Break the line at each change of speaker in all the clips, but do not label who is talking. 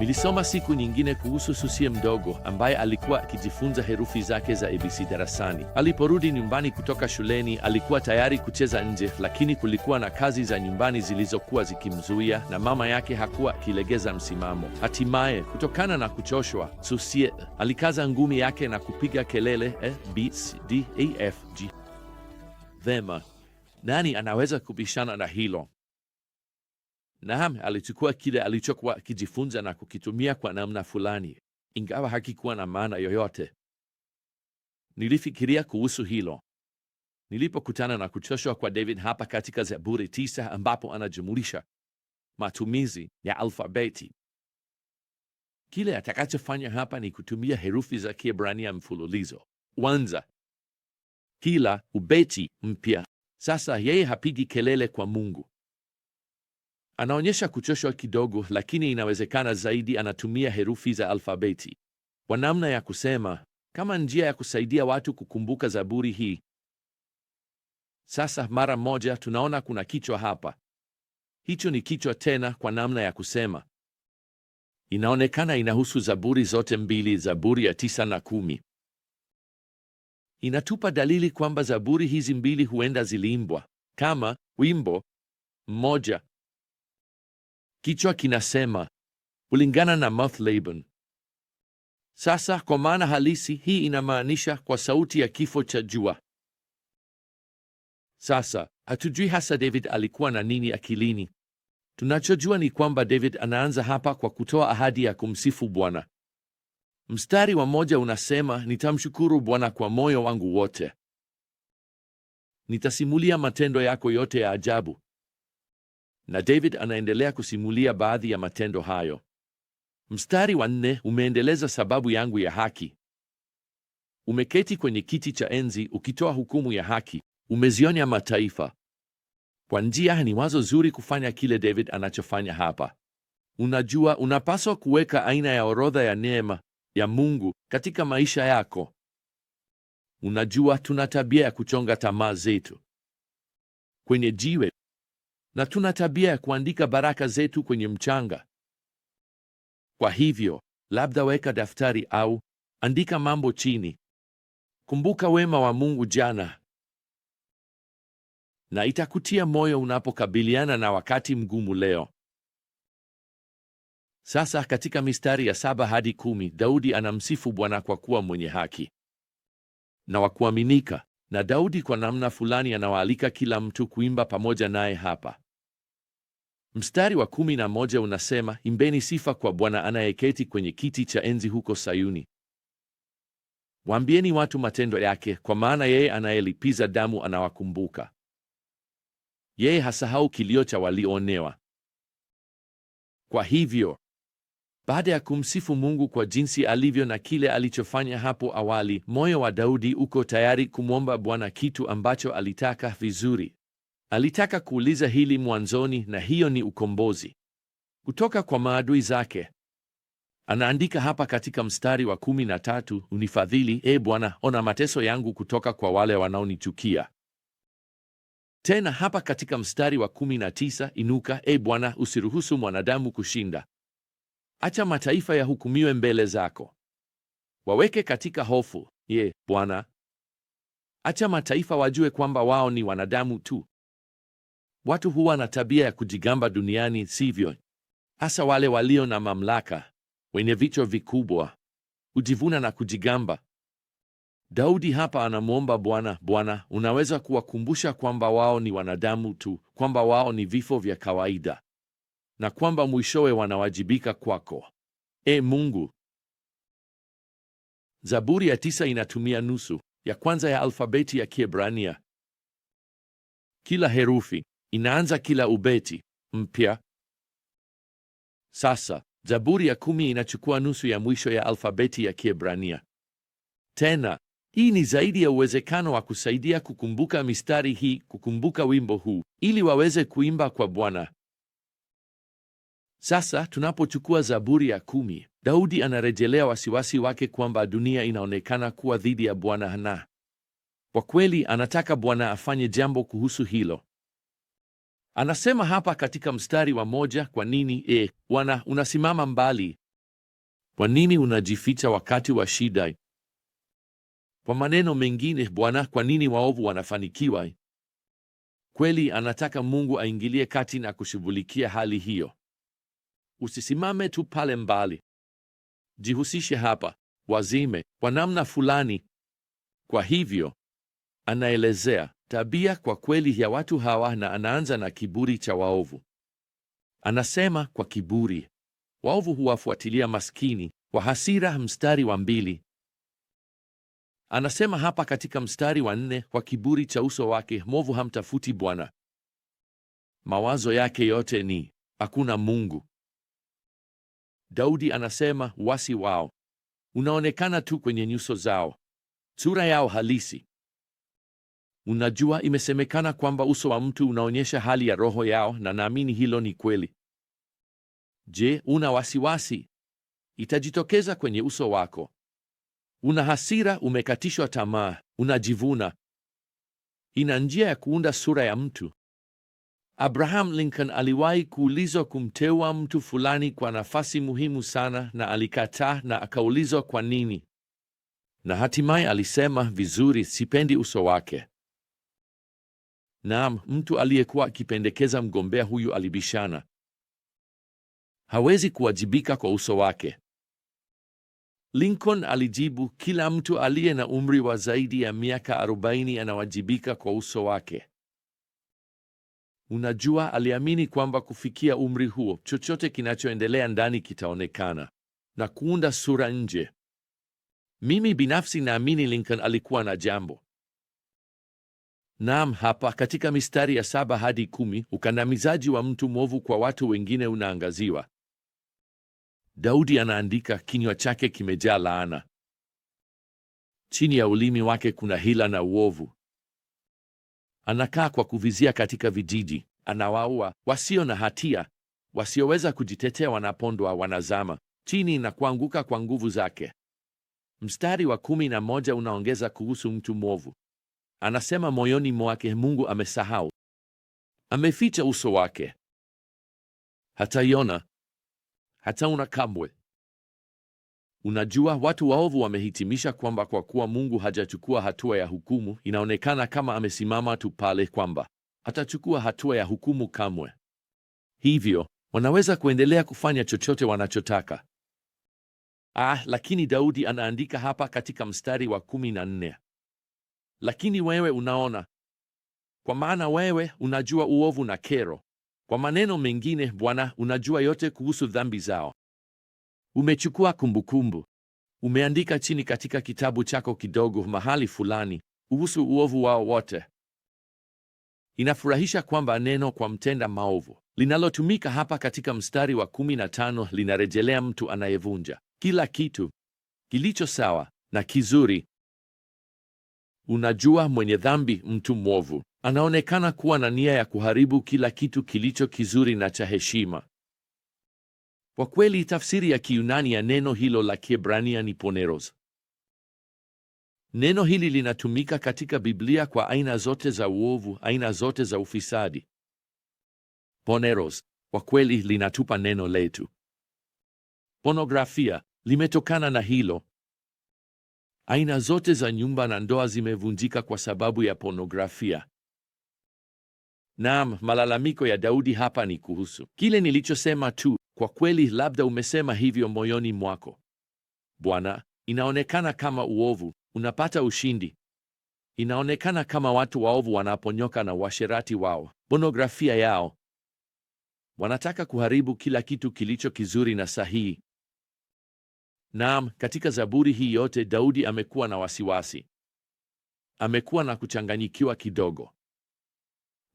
Nilisoma siku nyingine kuhusu susie mdogo ambaye alikuwa akijifunza herufi zake za ABC darasani. Aliporudi nyumbani kutoka shuleni, alikuwa tayari kucheza nje, lakini kulikuwa na kazi za nyumbani zilizokuwa zikimzuia na mama yake hakuwa akilegeza msimamo. Hatimaye, kutokana na kuchoshwa, susie eh, alikaza ngumi yake na kupiga kelele A, eh, B, C, D, E, F, G. Vema, nani anaweza kubishana na hilo? Naam, alichukua kile alichokuwa akijifunza na kukitumia kwa namna fulani, ingawa hakikuwa na maana yoyote. Nilifikiria kuhusu hilo nilipokutana na kuchoshwa kwa David hapa katika Zaburi tisa ambapo anajumulisha matumizi ya alfabeti. Kile atakachofanya hapa ni kutumia herufi za Kiebrania mfululizo kwanza kila ubeti mpya. Sasa yeye hapigi kelele kwa Mungu Anaonyesha kuchoshwa kidogo, lakini inawezekana zaidi anatumia herufi za alfabeti kwa namna ya kusema kama njia ya kusaidia watu kukumbuka Zaburi hii. Sasa mara moja tunaona kuna kichwa hapa. Hicho ni kichwa tena kwa namna ya kusema. Inaonekana inahusu Zaburi zote mbili, Zaburi ya tisa na kumi. Inatupa dalili kwamba Zaburi hizi mbili huenda ziliimbwa kama wimbo mmoja. Kichwa kinasema kulingana na Laban. Sasa kwa maana halisi hii inamaanisha kwa sauti ya kifo cha jua. Sasa hatujui hasa David alikuwa na nini akilini. Tunachojua ni kwamba David anaanza hapa kwa kutoa ahadi ya kumsifu Bwana. Mstari wa moja unasema, nitamshukuru Bwana kwa moyo wangu wote, nitasimulia matendo yako yote ya ajabu na David anaendelea kusimulia baadhi ya matendo hayo. Mstari wa nne umeendeleza sababu yangu ya haki. Umeketi kwenye kiti cha enzi ukitoa hukumu ya haki, umezionya mataifa. Kwa njia, ni wazo zuri kufanya kile David anachofanya hapa. Unajua, unapaswa kuweka aina ya orodha ya neema ya Mungu katika maisha yako. Unajua, tuna tabia ya kuchonga tamaa zetu kwenye jiwe na tuna tabia ya kuandika baraka zetu kwenye mchanga. Kwa hivyo, labda weka daftari au andika mambo chini. Kumbuka wema wa Mungu jana, na itakutia moyo unapokabiliana na wakati mgumu leo. Sasa katika mistari ya saba hadi kumi Daudi anamsifu Bwana kwa kuwa mwenye haki na wa kuaminika na Daudi kwa namna fulani anawaalika kila mtu kuimba pamoja naye hapa. Mstari wa kumi na moja unasema, imbeni sifa kwa Bwana anayeketi kwenye kiti cha enzi huko Sayuni. Waambieni watu matendo yake, kwa maana yeye anayelipiza damu anawakumbuka. Yeye hasahau kilio cha walioonewa. Kwa hivyo baada ya kumsifu Mungu kwa jinsi alivyo na kile alichofanya hapo awali, moyo wa Daudi uko tayari kumwomba Bwana kitu ambacho alitaka vizuri. Alitaka kuuliza hili mwanzoni, na hiyo ni ukombozi kutoka kwa maadui zake. Anaandika hapa katika mstari wa kumi na tatu, unifadhili e Bwana, ona mateso yangu kutoka kwa wale wanaonichukia. Tena hapa katika mstari wa kumi na tisa, inuka e Bwana, usiruhusu mwanadamu kushinda. Acha mataifa yahukumiwe mbele zako, waweke katika hofu. Ye Bwana, acha mataifa wajue kwamba wao ni wanadamu tu. Watu huwa na tabia ya kujigamba duniani, sivyo? Hasa wale walio na mamlaka, wenye vichwa vikubwa, hujivuna na kujigamba. Daudi hapa anamwomba Bwana, Bwana, unaweza kuwakumbusha kwamba wao ni wanadamu tu, kwamba wao ni vifo vya kawaida na kwamba mwishowe wanawajibika kwako, e Mungu. Zaburi ya tisa inatumia nusu ya kwanza ya alfabeti ya Kiebrania. Kila herufi inaanza kila ubeti mpya. Sasa Zaburi ya kumi inachukua nusu ya mwisho ya alfabeti ya Kiebrania. Tena hii ni zaidi ya uwezekano wa kusaidia kukumbuka mistari hii, kukumbuka wimbo huu, ili waweze kuimba kwa Bwana sasa tunapochukua Zaburi ya kumi, Daudi anarejelea wasiwasi wake kwamba dunia inaonekana kuwa dhidi ya Bwana na kwa kweli anataka Bwana afanye jambo kuhusu hilo. Anasema hapa katika mstari wa moja, kwa nini e Bwana unasimama mbali? Kwa nini unajificha wakati wa shida? Kwa maneno mengine, Bwana, kwa nini waovu wanafanikiwa? Kweli anataka Mungu aingilie kati na kushughulikia hali hiyo. Usisimame tu pale mbali, jihusishe hapa, wazime kwa namna fulani. Kwa hivyo anaelezea tabia kwa kweli ya watu hawa, na anaanza na kiburi cha waovu. Anasema, kwa kiburi waovu huwafuatilia maskini kwa hasira. Mstari wa mbili anasema hapa katika mstari wa nne, kwa kiburi cha uso wake mwovu hamtafuti Bwana, mawazo yake yote ni hakuna Mungu. Daudi anasema wasi wao unaonekana tu kwenye nyuso zao, sura yao halisi. Unajua, imesemekana kwamba uso wa mtu unaonyesha hali ya roho yao, na naamini hilo ni kweli. Je, una wasiwasi? Itajitokeza kwenye uso wako. Una hasira, umekatishwa tamaa, unajivuna. Ina njia ya kuunda sura ya mtu. Abraham Lincoln aliwahi kuulizwa kumteua mtu fulani kwa nafasi muhimu sana, na alikataa, na akaulizwa kwa nini, na hatimaye alisema, vizuri, sipendi uso wake. Naam, mtu aliyekuwa akipendekeza mgombea huyu alibishana, hawezi kuwajibika kwa uso wake. Lincoln alijibu, kila mtu aliye na umri wa zaidi ya miaka 40 anawajibika kwa uso wake. Unajua, aliamini kwamba kufikia umri huo chochote kinachoendelea ndani kitaonekana na kuunda sura nje. Mimi binafsi naamini Lincoln alikuwa na jambo. Naam, hapa katika mistari ya saba hadi kumi ukandamizaji wa mtu mwovu kwa watu wengine unaangaziwa. Daudi anaandika, kinywa chake kimejaa laana, chini ya ulimi wake kuna hila na uovu. Anakaa kwa kuvizia katika vijiji, anawaua wasio na hatia, wasioweza kujitetea wanapondwa, wanazama chini na kuanguka kwa nguvu zake. Mstari wa kumi na moja unaongeza kuhusu mtu mwovu, anasema moyoni mwake, Mungu amesahau, ameficha uso wake, hataiona, hataona kamwe. Unajua, watu waovu wamehitimisha kwamba kwa kuwa Mungu hajachukua hatua ya hukumu, inaonekana kama amesimama tu pale kwamba atachukua hatua ya hukumu kamwe. Hivyo wanaweza kuendelea kufanya chochote wanachotaka. Ah, lakini Daudi anaandika hapa katika mstari wa kumi na nne, lakini wewe unaona, kwa maana wewe unajua uovu na kero. Kwa maneno mengine, Bwana, unajua yote kuhusu dhambi zao Umechukua kumbukumbu, umeandika chini katika kitabu chako kidogo mahali fulani uhusu uovu wao wote. Inafurahisha kwamba neno kwa mtenda maovu linalotumika hapa katika mstari wa 15 linarejelea mtu anayevunja kila kitu kilicho sawa na kizuri. Unajua, mwenye dhambi, mtu mwovu, anaonekana kuwa na nia ya kuharibu kila kitu kilicho kizuri na cha heshima. Kwa kweli tafsiri ya Kiyunani ya neno hilo la Kiebrania ni poneros. Neno hili linatumika katika Biblia kwa aina zote za uovu, aina zote za ufisadi. Poneros kwa kweli linatupa neno letu. Ponografia limetokana na hilo. Aina zote za nyumba na ndoa zimevunjika kwa sababu ya ponografia. Naam, malalamiko ya Daudi hapa ni kuhusu kile nilichosema tu kwa kweli, labda umesema hivyo moyoni mwako, Bwana, inaonekana kama uovu unapata ushindi, inaonekana kama watu waovu wanaponyoka na uasherati wao, pornografia yao, wanataka kuharibu kila kitu kilicho kizuri na sahihi. Naam, katika Zaburi hii yote Daudi amekuwa na wasiwasi, amekuwa na kuchanganyikiwa kidogo.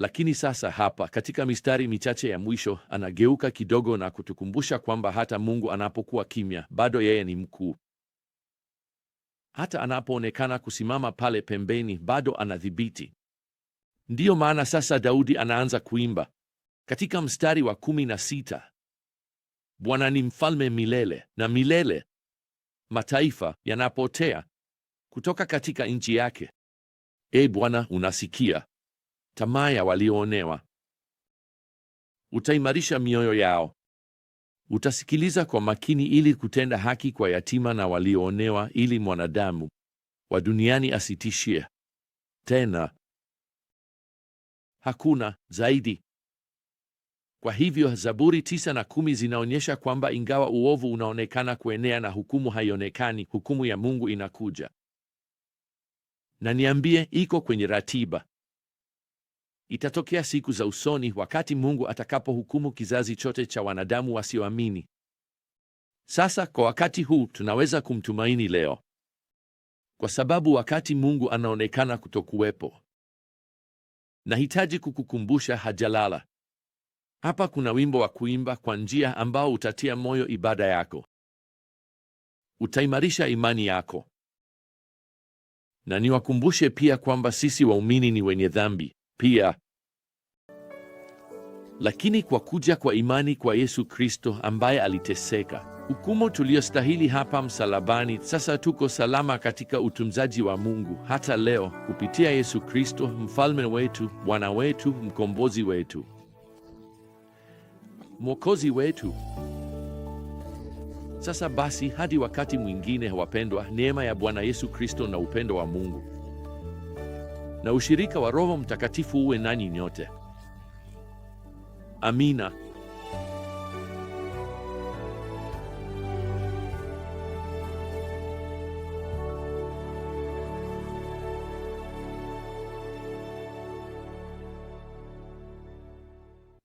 Lakini sasa hapa katika mistari michache ya mwisho anageuka kidogo na kutukumbusha kwamba hata Mungu anapokuwa kimya, bado yeye ni mkuu. Hata anapoonekana kusimama pale pembeni, bado anadhibiti. Ndiyo maana sasa Daudi anaanza kuimba katika mstari wa kumi na sita Bwana ni mfalme milele na milele, mataifa yanapotea kutoka katika nchi yake. E Bwana, unasikia tamaa ya walioonewa. Utaimarisha mioyo yao. Utasikiliza kwa makini ili kutenda haki kwa yatima na walioonewa, ili mwanadamu wa duniani asitishie tena. Hakuna zaidi. Kwa hivyo Zaburi tisa na kumi zinaonyesha kwamba ingawa uovu unaonekana kuenea na hukumu haionekani, hukumu ya Mungu inakuja. Na niambie, iko kwenye ratiba. Itatokea siku za usoni wakati Mungu atakapohukumu kizazi chote cha wanadamu wasioamini. Sasa kwa wakati huu tunaweza kumtumaini leo, kwa sababu wakati Mungu anaonekana kutokuwepo. Nahitaji kukukumbusha, hajalala. Hapa kuna wimbo wa kuimba kwa njia ambao utatia moyo ibada yako, utaimarisha imani yako, na niwakumbushe pia kwamba sisi waumini ni wenye dhambi pia. Lakini kwa kuja kwa imani kwa Yesu Kristo ambaye aliteseka hukumu tuliyostahili hapa msalabani, sasa tuko salama katika utunzaji wa Mungu hata leo kupitia Yesu Kristo, mfalme wetu, Bwana wetu, mkombozi wetu, mwokozi wetu. Sasa basi, hadi wakati mwingine wapendwa, neema ya Bwana Yesu Kristo na upendo wa Mungu na ushirika wa Roho Mtakatifu uwe nanyi nyote. Amina.